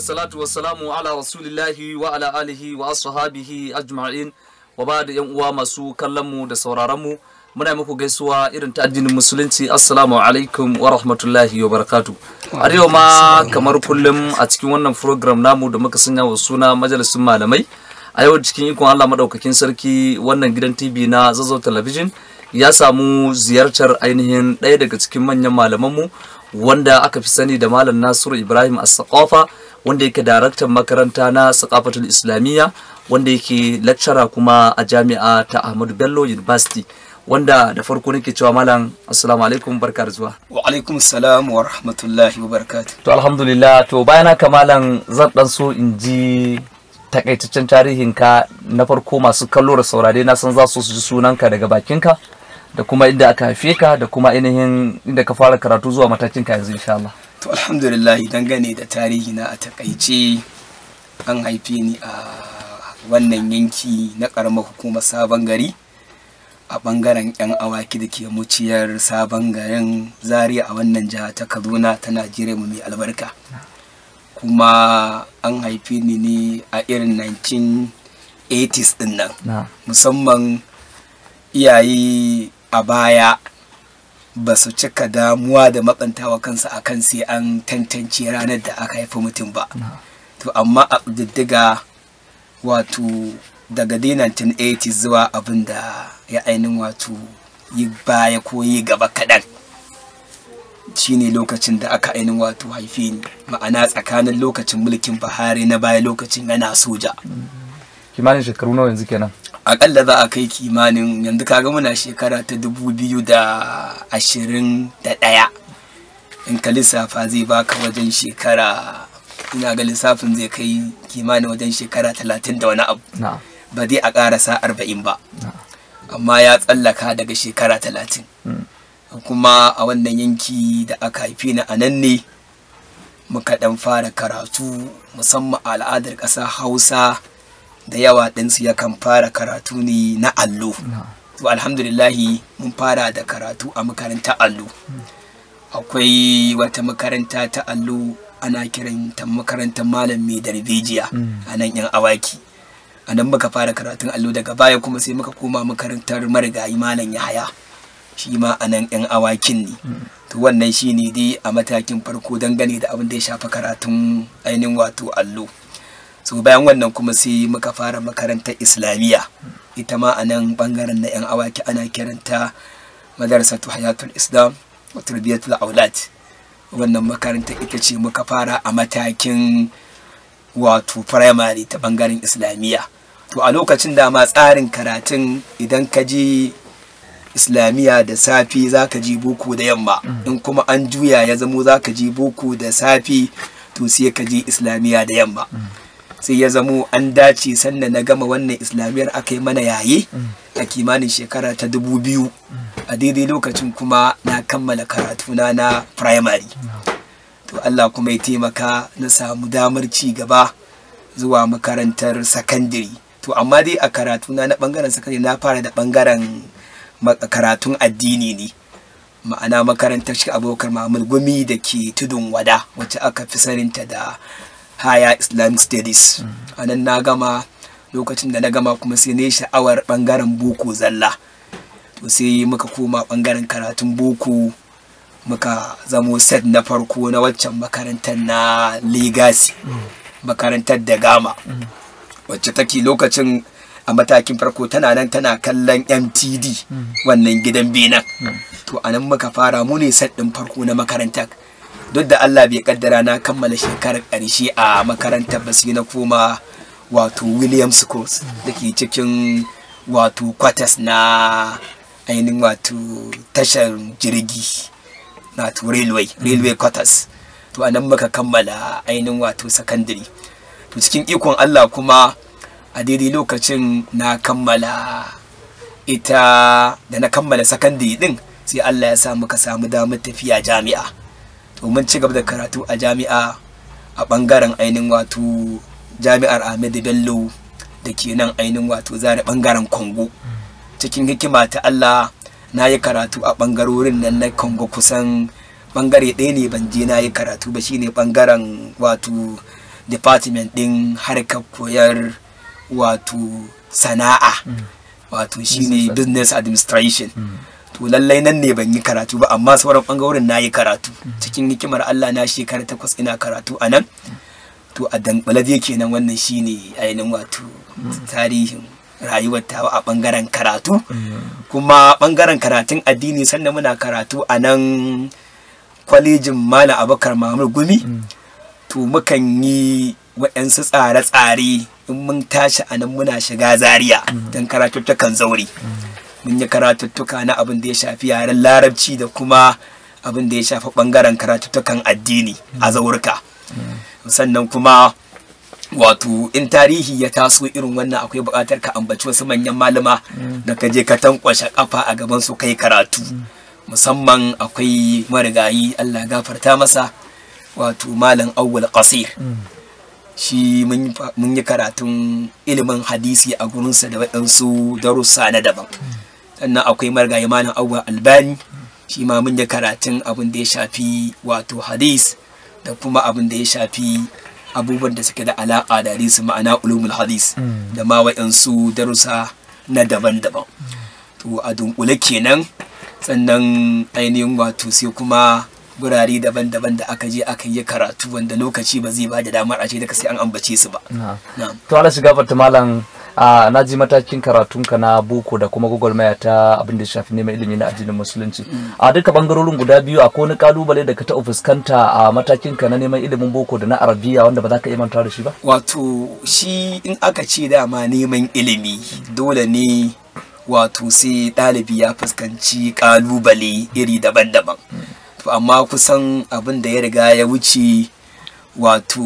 wassalatu ala rasulillahi wa ala alihi wa ashabihi ajma'in wa ba da yan uwa masu kallon mu da sauraron mu muna muku gaisuwa irin ta addinin musulunci assalamu alaikum wa rahmatullahi wa barakatu a yau ma kamar kullum a cikin wannan program namu da muka sanya wa suna majalisun malamai a yau cikin ikon Allah madaukakin sarki wannan gidan TV na Zazzau Television ya samu ziyartar ainihin ɗaya daga cikin manyan malamanmu wanda aka fi sani da malam Nasiru Ibrahim as wanda yake daraktan makaranta na sakafatul islamiyya wanda yake lecturer kuma a jami'a ta ahmadu bello university wanda da farko nake cewa malam assalamu alaikum barka da zuwa wa alaikum salam wa rahmatullahi wa barakatuh to alhamdulillah to bayan ka malam zan dan so in ji takaitaccen tarihin ka na farko masu kallo da saurare na san za su ji sunan ka daga bakinka da kuma inda aka haife ka da kuma ainihin inda ka fara karatu zuwa matakin ka yanzu insha Allah to alhamdulillah dangane da tarihi na a takaice an haife ni a wannan yanki na karamar hukumar sabon gari a bangaren yan awaki da ke muciyar sabon garin zaria a wannan jiha ta kaduna ta najeriya mu mai albarka kuma an haife ni ne a irin 1980s din nan musamman iyaye a baya ba su cika damuwa da matsantawa kansu kan sai an tantance ranar da aka haifi mutum ba to amma a diddiga wato daga 1980 zuwa abin da ya ainihin wato yi baya ko yi gaba kaɗan shine lokacin da aka ainihin wato haife ni ma'ana tsakanin lokacin mulkin Buhari na baya lokacin yana soja kimanin shekaru nawa yanzu kenan akalla za a kai kimanin yanzu kaga muna shekara ta dubu biyu da ashirin da ɗaya in ka lissafa zai baka wajen shekara ina ga lissafin zai kai kimanin wajen shekara talatin da wani abu ba zai a karasa arba'in ba amma ya tsallaka daga shekara talatin hmm. kuma a wannan yanki da aka haifi na a nan ne muka ɗan fara karatu musamman al'adar ƙasa hausa da yawa ɗinsu kan fara karatu ne na allo to alhamdulillahi mun fara da karatu a makaranta allo akwai wata makaranta ta allo ana kiran ta makarantar malam mai darbejiya a nan yan awaki a nan muka fara karatun allo daga baya kuma sai muka koma makarantar marigayi malam yahaya shi ma a nan yan awakin ne to wannan shi ne dai a matakin farko dangane da abin da ya shafa karatun ainihin wato allo so bayan wannan kuma sai muka fara makarantar islamiyya ita ma a nan bangaren na 'yan awaki ana kiranta ta hayatul islam wa tarbiyatul aulad wannan makarantar ita ce muka fara a matakin wato primary ta bangaren islamiyya to a lokacin da ma tsarin karatun idan ka ji islamiyya da safi za ka ji boko da yamma mm. in kuma an juya ya zamo za ka ji boko da safi to sai ka ji islamiyya da yamma mm. sai ya zamo an dace sanda na gama wannan islamiyar aka yi mana yaye a kimanin shekara ta dubu biyu a daidai lokacin kuma na kammala karatuna na primary to Allah kuma ya taimaka na samu damar ci gaba zuwa makarantar secondary to amma dai a karatuna na bangaren secondary na fara da bangaren karatun addini ne ma'ana makarantar shi abokar mamul gumi da ke tudun wada wacce aka fi saninta da higher islamic studies a nan na gama lokacin da na gama kuma sai na sha'awar bangaren boko zalla to sai muka koma bangaren karatun boko muka zamo set na farko na waccan makarantar na legacy makarantar da gama wacce take lokacin a matakin farko tana nan tana kallon mtd mm. wannan gidan benin to anan muka fara mu ne set ɗin farko na makarantar duk da Allah bai kaddara na kammala shekarar ƙarshe a makarantar basiri na koma wato Williams Course da ke cikin wato kwatas na ainihin wato tashar jirgi wato railway railway quarters to anan muka kammala ainihin wato secondary to cikin ikon Allah kuma a daidai lokacin na kammala ita da na kammala secondary din sai Allah ya sa muka samu damar tafiya jami'a domin ci gaba da karatu a jami'a a bangaren ainihin wato jami'ar ahmed bello da ke nan ainihin wato zare bangaren kongo cikin hikima ta allah na yi karatu a bangarorin nan na kongo kusan bangare ɗaya ne ban je na yi karatu ba shine bangaren wato department ɗin harkar koyar wato sana'a mm. wato shine business administration mm. to lallai nan ne ban yi karatu ba amma sauran bangarorin na yi karatu cikin hikimar Allah na shekara takwas ina karatu anan? nan to a dankbala dai kenan wannan shine ainihin wato tarihin rayuwar tawa a bangaren karatu kuma bangaren karatun addini sannan muna karatu anan kwalejin malam abakar mamur gumi to mukan yi waɗansu tsare-tsare in mun tashi anan muna shiga zaria don kan zaure mun yi karatuttuka na abin da ya shafi yaren larabci da kuma abin da ya shafi bangaren karatuttukan addini a zaurka sannan kuma wato in tarihi ya taso irin wannan akwai buƙatar ka ambaci wasu manyan malama da ka je ka tankwashe kafa a gaban su kai karatu musamman akwai marigayi Allah gafarta masa wato malam awwal qasir shi mun yi karatun ilimin hadisi a gurinsa da waɗansu darussa na daban sannan akwai marigayi malam awwa albani shi ma mun yi karatun abin da ya shafi wato hadis da kuma abin da ya shafi abubuwan da suke da alaƙa da hadisi ma'ana ulumul hadis mm. da ma wa'yansu darussa na daban-daban to a dunkule kenan sannan ainihin wato sai kuma gurare daban-daban da aka je aka yi karatu wanda lokaci ba zai ba da damar a ce daga sai an ambace su ba to ala shiga malam a ah, na ji matakin karatunka na boko da kuma gwagwarmaya ta abin da shafi neman ilimi na addinin musulunci mm. a duka bangarorin guda biyu akwai wani kalubale da ka taɓa fuskanta a matakin ka na neman ilimin boko da na arabiya wanda ba za ka iya manta da shi ba wato shi in aka ce dama neman ilimi dole ne wato sai ɗalibi ya fuskanci kalubale iri daban-daban mm. amma kusan abin da ya riga ya wuce wato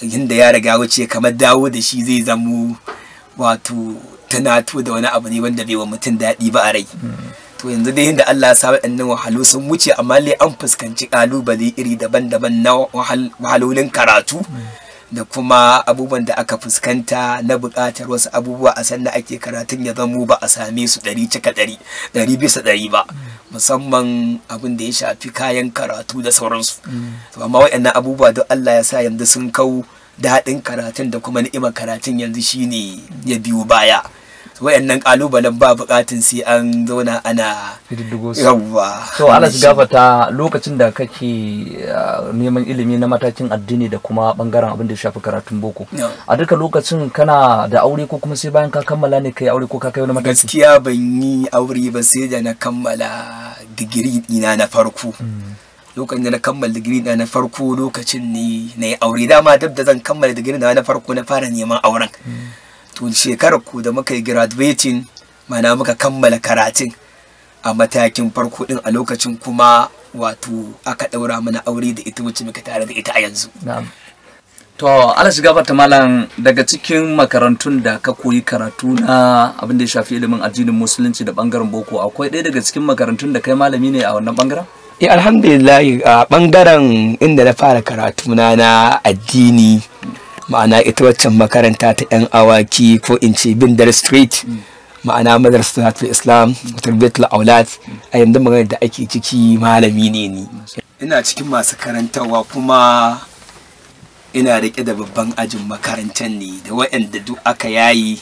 yadda ya riga wuce kamar dawo da shi zai zamo wato tunato da wani abu ne wanda bai wa mutum daɗi ba a rai to yanzu dai da Allah ya sa waɗannan wahalu sun wuce amma lai an fuskanci ƙalubale iri daban-daban na wahalolin karatu da kuma abubuwan da aka fuskanta na buƙatar wasu abubuwa a sanda ake karatun ya zamo ba a same su ɗari cika ɗari ɗari bisa ɗari ba musamman abin da ya shafi kayan karatu da sauransu amma waɗannan abubuwa don Allah ya sa yanzu sun kau daɗin karatun da kuma ni'imar karatun yanzu shine ya biyo baya wayannan kalubalen ba bukatun sai an zauna ana yawwa to Allah su gafata lokacin da kake ah, neman ilimi na matakin addini da kuma bangaren abin da ya shafi karatun boko a duka lokacin kana da aure ko kuma sai bayan ka kammala ne kai aure ko ka kai wani mataki gaskiya ban yi aure ba sai da na kammala digiri ina na farko mm. lokacin da na kammala digiri na farko lokacin ne na yi aure dama duk da zan kammala digiri na farko na fara neman auren to shekarar ku da muka yi graduating mana muka kammala karatun a matakin farko din a lokacin kuma wato aka daura mana aure da ita wacce muka tare da ita a yanzu to ala shiga fata malam daga cikin makarantun da ka koyi karatu na abin da ya shafi ilimin addinin musulunci da bangaren boko akwai ɗaya daga cikin makarantun da kai malami ne a wannan bangaren Eh alhamdulillah a bangaren inda na fara karatu na addini ma'ana ita waccan makaranta ta 'yan awaki ko in ce bindar street ma'ana madrasa ta islam tarbiyatul aulat a yanzu magana da ake ciki malami ne ni ina cikin masu karantarwa kuma ina rike da babban ajin makarantar ne da waɗanda duk aka yayi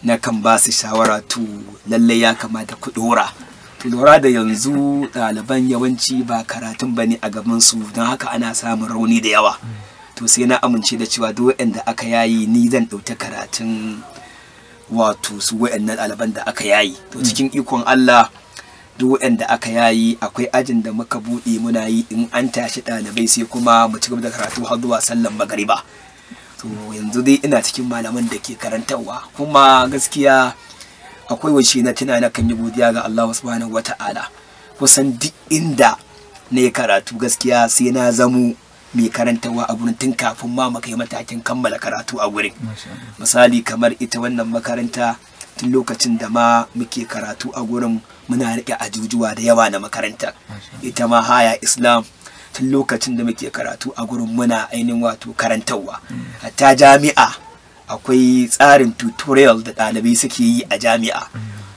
na kan ba su shawara tu, lallai ya kamata ku dora lura da yanzu ɗaliban yawanci ba karatun ba ne a gaban su don haka ana samun rauni da yawa to sai na amince da cewa duk da aka yayi ni zan ɗauki karatun wato su wa'annan ɗaliban da aka yayi to mm. cikin ikon Allah duk da aka yayi akwai ajin da muka buɗe muna yi in an tashi ɗalibai sai kuma mu ci gaba da karatu har zuwa sallan magariba to yanzu dai ina cikin malaman da ke karantarwa kuma gaskiya akwai wace na tuna na kan yi godiya ga Allah subhanahu wata'ala kusan duk inda na yi karatu gaskiya sai na zamo mai karantarwa a gurin tun kafin ma mu kai matakin kammala karatu a gurin misali kamar ita wannan makaranta tun lokacin da ma muke karatu a gurin muna rike ajujuwa da yawa na makaranta ita ma haya islam tun lokacin da muke karatu a gurin muna ainihin wato karantarwa mm. hatta jami'a akwai tsarin tutorial da ɗalibai suke yi a jami'a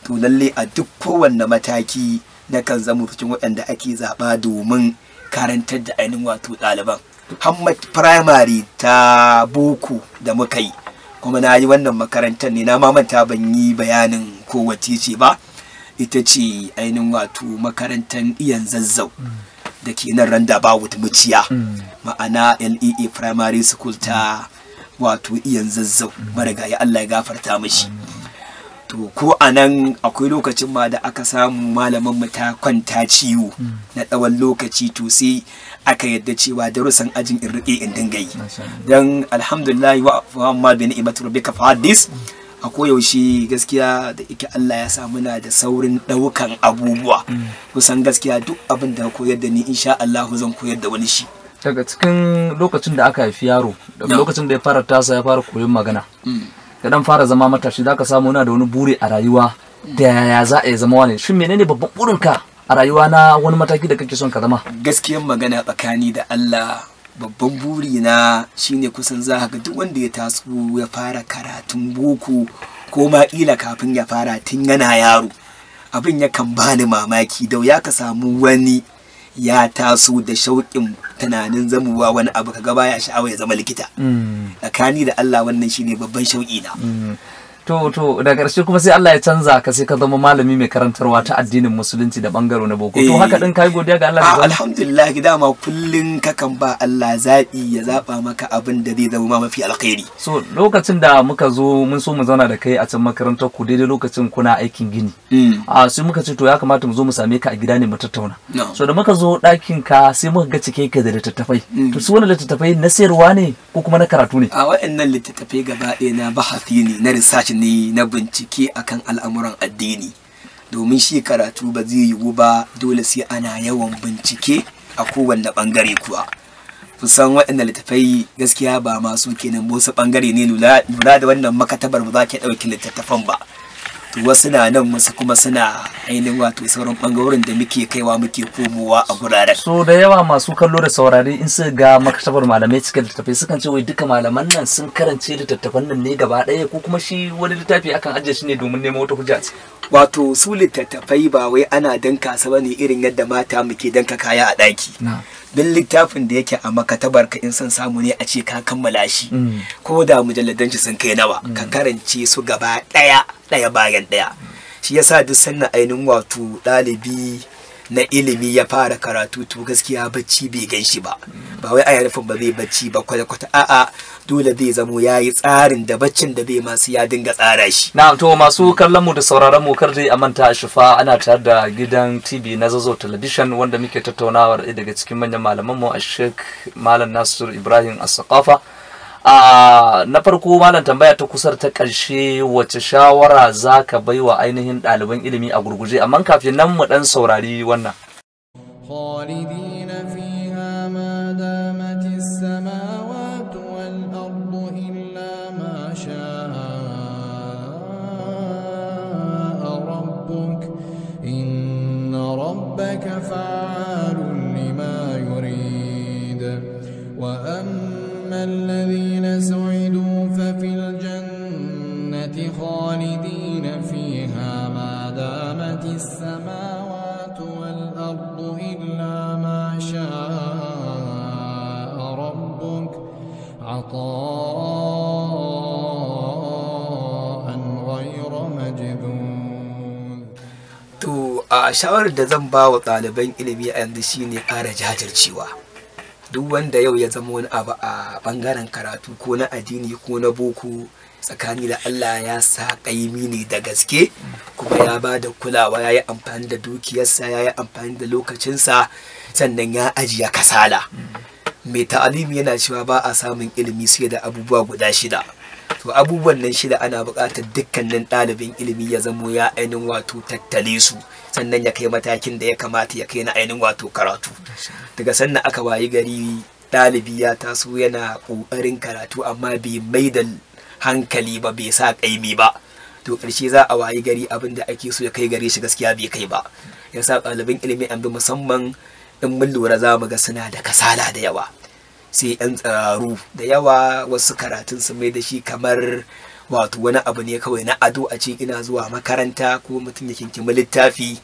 to lalle a duk kowanne mataki na kan zama cikin waɗanda ake zaɓa domin karantar da ainihin wato ɗaliban hammad primary ta boko da muka yi kuma na yi wannan makarantar ne na mamanta ban yi bayanin kowace ce ba ita ce ainihin wato makarantar iyan zazzau da ke nan randa ba muciya mm. ma'ana lea primary school ta wato iyan zazzau marigayi Allah ya gafarta mashi to ko anan akwai lokacin ma da aka samu malamin mu ta kwanta ciwo na tsawon lokaci to sai aka yadda cewa darussan ajin in rike in dinga yi dan alhamdulillah wa amma bi ni'imatu rabbika fa hadis a koyaushe gaskiya da ike Allah ya sa muna da saurin ɗaukan abubuwa mm. kusan gaskiya duk abin da koyar da ni insha Allah zan koyar da wani shi daga cikin lokacin da aka haifi yaro daga lokacin da ya fara tasa ya fara koyon magana da mm. dan fara zama matashi za ka samu yana da wani buri a rayuwa da yaya za a zama wani shin menene babban burin ka a rayuwa na wani mataki da kake son ka zama gaskiyar magana tsakani da Allah babban buri na shine kusan za ga duk wanda ya taso ya fara karatun boko ko ma kila kafin ya fara tun yana yaro abin ya kan bani mamaki da ya ka samu wani ya taso da shauƙin tunanin zamuwa wani abu kaga baya sha'awa ya zama likita mm. tsakani da Allah wannan shine babban shauƙi na mm. to to da ƙarshe kuma sai Allah ya canza ka sai ka zama malami mai karantarwa ta addinin musulunci da bangaro na boko to haka din kai godiya ga Allah alhamdulillah dama kullun kakan ba Allah zabi ya zaba maka abin da zai zama mafi alkhairi so lokacin da muka zo mun so mu zauna da kai a can makarantar ku daidai lokacin kuna aikin gini mm. a sai muka ce to ya kamata mu zo mu same ka a gida ne mu tattauna so da muka zo ɗakin ka sai muka ga cike ka da littattafai mm. to su wannan littattafai na sayarwa ne ko kuma na karatu ne a waɗannan littattafai gaba ɗaya na bahasi ne na research ne na bincike akan al'amuran addini domin shi karatu ba zai yiwu ba dole sai ana yawan bincike a kowanne bangare kuwa kusan waɗanda littafai gaskiya ba masu kenan bosa bangare ne lura da wannan makatabar ba za ki ɗauki littattafan ba to wasu na nan wasu kuma suna ainihin wato sauran bangarorin da muke kaiwa muke komowa a guraren so da yawa masu kallo da saurari in su ga makasabar malamai cikin littattafai sukan ce wai duka malaman nan sun karance littattafan nan ne gaba ɗaya ko kuma shi wani littafi akan ajiye shi ne domin neman wata hujja ce. wato su littattafai ba wai ana danka su bane irin yadda mata muke danka kaya a ɗaki duk littafin da yake a makatabar ka in san samu ne a ce ka kammala shi mm. ko da mujalladan shi sun kai nawa mm. ka karance su gaba daya daya bayan daya shi yasa duk sannan ainihin wato ɗalibi na ilimi ya fara karatu to gaskiya bacci bai gan shi ba mm. ba wai a yarfin ba zai bacci ba kwata kwata a'a dole zai zamo ya yi tsarin da baccin da zai masu ya dinga tsara shi na'am to masu kallon mu da sauraron mu kar dai a manta a shifa ana tare da gidan TV na Zazo Television wanda muke tattaunawa daga cikin manyan malaman mu a Sheikh Malam Nasir Ibrahim As-Saqafa a na farko malam tambaya ta kusar ta ƙarshe wace shawara zaka baiwa ainihin ɗaliban ilimi a gurguje amma kafin nan mu ɗan saurari wannan shawarar da zan ba wa ɗaliban ilimi a yanzu shi ne ƙara jajircewa duk wanda yau ya zama wani abu a ɓangaren karatu ko na addini ko na boko tsakani da Allah ya sa ƙaimi ne da gaske kuma ya ba da kulawa ya yi amfani da dukiyarsa ya yi amfani da lokacinsa sannan ya ajiye kasala mai ta'alimi yana cewa ba a samun ilimi sai da abubuwa guda shida to abubuwan nan shida ana buƙatar dukkanin ɗalibin ilimi ya zamo ya ainihin wato tattale su sannan ya kai matakin da ya kamata ya kai na ainihin wato karatu daga sannan aka wayi gari ɗalibi ya taso yana ƙoƙarin karatu amma bai mai da hankali ba bai sa ƙaimi ba to ƙarshe za a wayi gari abin da ake so ya kai gare shi gaskiya bai kai ba ya sa ɗaliban ilimi an bi musamman in mun lura za mu ga suna da kasala da yawa sai yan tsararru da yawa wasu karatun su mai da shi kamar wato wani abu ne kawai na ado a cikin ina zuwa makaranta ko mutum ya kinkimi littafi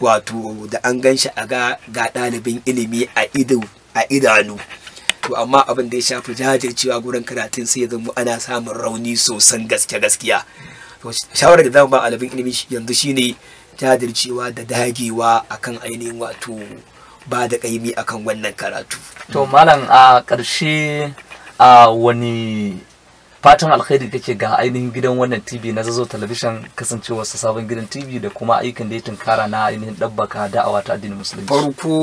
wato da an gan shi a ga ga ɗalibin ilimi a ido a idanu to amma abin da ya shafi jajircewa gurin karatun sai ya zama ana samun rauni sosan gaske gaskiya to shawarar da zamu ba ɗalibin ilimi yanzu shine jajircewa da dagewa akan ainihin wato ba da kaimi akan wannan karatu to malam a ƙarshe a wani fatan alkhairi kake ga ainihin gidan wannan tv na zazo television kasancewar sa sabon gidan tv da kuma aikin da ya tunkara na ainihin dabbaka da'awa ta addinin musulunci farko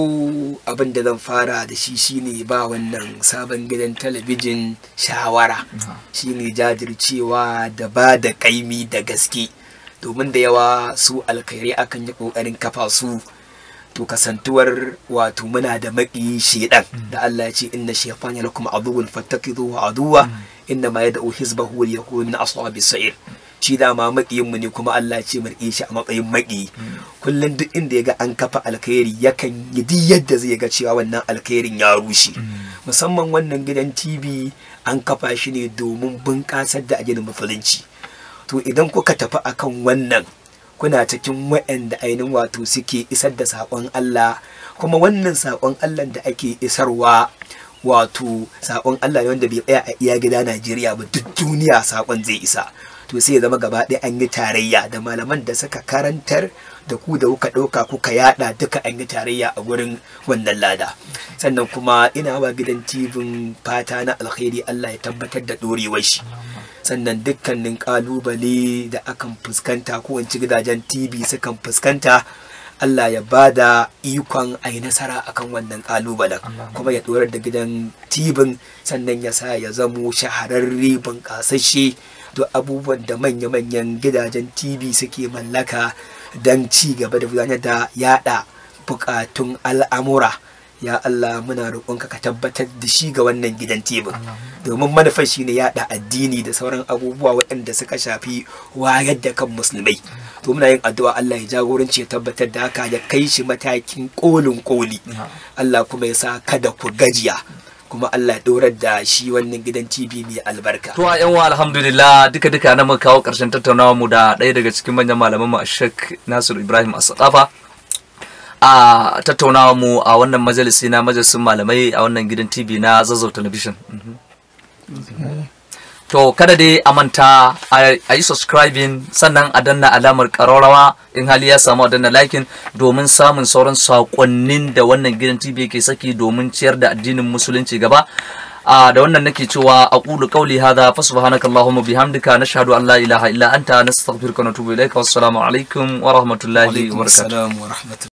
abin da zan fara da shi shine ba wannan sabon gidan talabijin shawara shine jajircewa da ba da kaimi da gaske domin da yawa su alkhairi akan yi kokarin kafa su to kasantuwar wato muna da maƙiyi shedan hmm. da Allah ya ce inna shaytan ya lakum aduwwun fattakidu wa aduwa hmm. inna ma yad'u hizbahu wa yakunu min ashabis sa'ir shi ma maƙiyin mu ne kuma Allah ya ce mu shi a matsayin maƙiyi hmm. kullun duk inda ya ga an kafa alkhairi yakan yi duk yadda zai ga cewa wannan alkhairin ya rushe musamman wannan gidan TV an kafa shi ne domin bunƙasar da ajin musulunci to idan kuka tafi akan wannan kuna cikin waɗanda ainihin wato suke isar da sakon Allah kuma wannan sakon Allah da ake isarwa wato saƙon Allah ne wanda bai tsaya a iya gida Najeriya ba duk duniya sakon zai isa to sai ya zama gaba ɗaya an yi tarayya da malaman da suka karantar da ku da kuka ɗauka kuka yaɗa duka an yi tarayya a gurin wannan lada sannan kuma ina wa gidan tibin fata na alkhairi Allah ya tabbatar da ɗorewar shi sannan dukkanin kalubale da akan fuskanta ko gidajen tv sukan fuskanta Allah ya ba da ikon a yi nasara akan wannan kalubalen kuma ya dorar da gidan tibin sannan ya sa ya zamo shahararre bunƙasashe to abubuwan da manya-manyan gidajen tv suke mallaka don ci gaba da gudanar da yada bukatun al'amura ya Allah muna roƙonka ka tabbatar da shi ga wannan gidan tebur domin manufar shi ne yaɗa addini da sauran abubuwa waɗanda suka shafi wayar da kan musulmai to muna yin addu'a Allah ya jagoranci ya tabbatar da haka ya kai shi matakin ƙolin ƙoli Allah kuma ya sa kada ku gajiya kuma Allah ya dorar da shi wannan gidan TV mai albarka. To yan wa alhamdulillah duka duka na mun kawo karshen tattaunawa mu da ɗaya daga cikin manyan malaman mu Sheikh Nasiru Ibrahim Asqafa a tattaunawa mu a wannan majalisi na majalisun malamai a wannan gidan tv na zazzau television mhm. to kada dai a manta a yi subscribing sannan a danna alamar ƙararrawa in hali ya samu a danna likin domin samun sauran saƙonnin da wannan gidan tv ke saki domin ciyar da addinin musulunci gaba a da wannan nake cewa a ƙulu ƙauli hada fa subhanaka allahumma bihamdika nashhadu an la ilaha illa anta nastaghfiruka wa natubu ilaika wassalamu alaikum wa rahmatullahi wa barakatuh